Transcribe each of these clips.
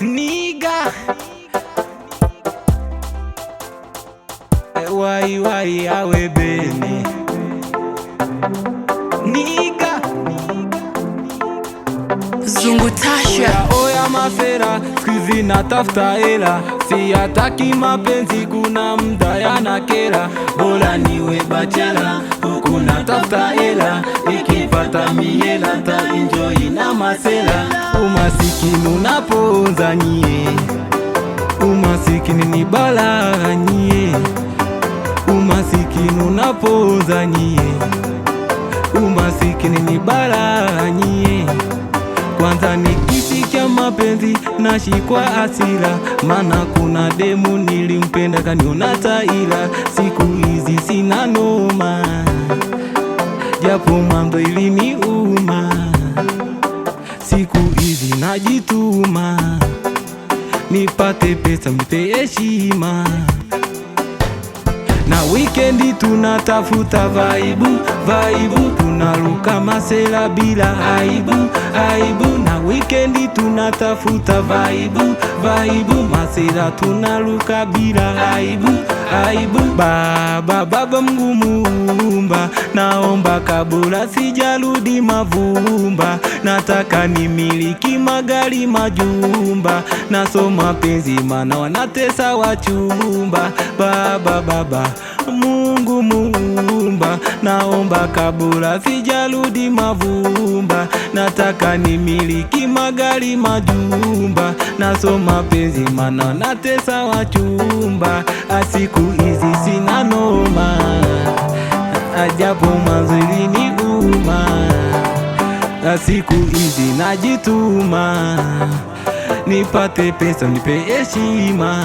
Niga eh, Wai wai awe bene Niga Zungu Tasha Oya mafera Skuizi na tafta hela mapenzi kuna mda yanakera Bora niwe bachela Huku na tafta ikipata miela, ta tainjo na masela, umasikini unaponza nyie, umasikini ni balaa nyie, umasikini unaponza nyie, umasikini ni balaa nyie. Kwanza nikisikia mapenzi nashikwa asira, mana kuna demu nilimpenda kaniona taila, siku hizi sina noma, japo mambo iliniuma siku hizi najituma, nipate pesa mpe heshima, na wikendi tunatafuta vaibu vaibu, tunaruka masela bila aibu aibu, na wikendi tunatafuta vaibu vaibu hasira tunaluka bila aibu, aibu. Baba, baba mgumuumba, naomba kabula sijarudi mavumba, nataka nimiliki magari majumba, nasoma penzi mana wanatesa wachumba. Baba, baba Mungu muumba, naomba kabula sijarudi mavumba, nataka nimiliki magari majumba, nasoma penzi mana natesa wachumba, asiku hizi sina noma, ajapo ni uma asiku hizi najituma, nipate pesa nipe heshima,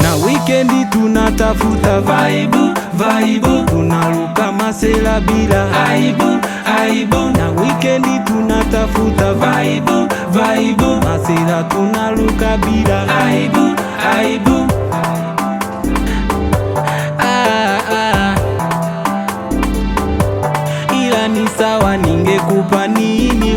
na wikendi tunatafuta vaibu vaibu, tunaruka masela bila aibu aibu, na wikendi tunatafuta vaibu vaibu, masira tunaruka bila aibu aibu. Ah, ah. Ila ni sawa, ningekupa nini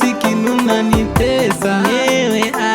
sikinuna kinuna ni pesa, wewe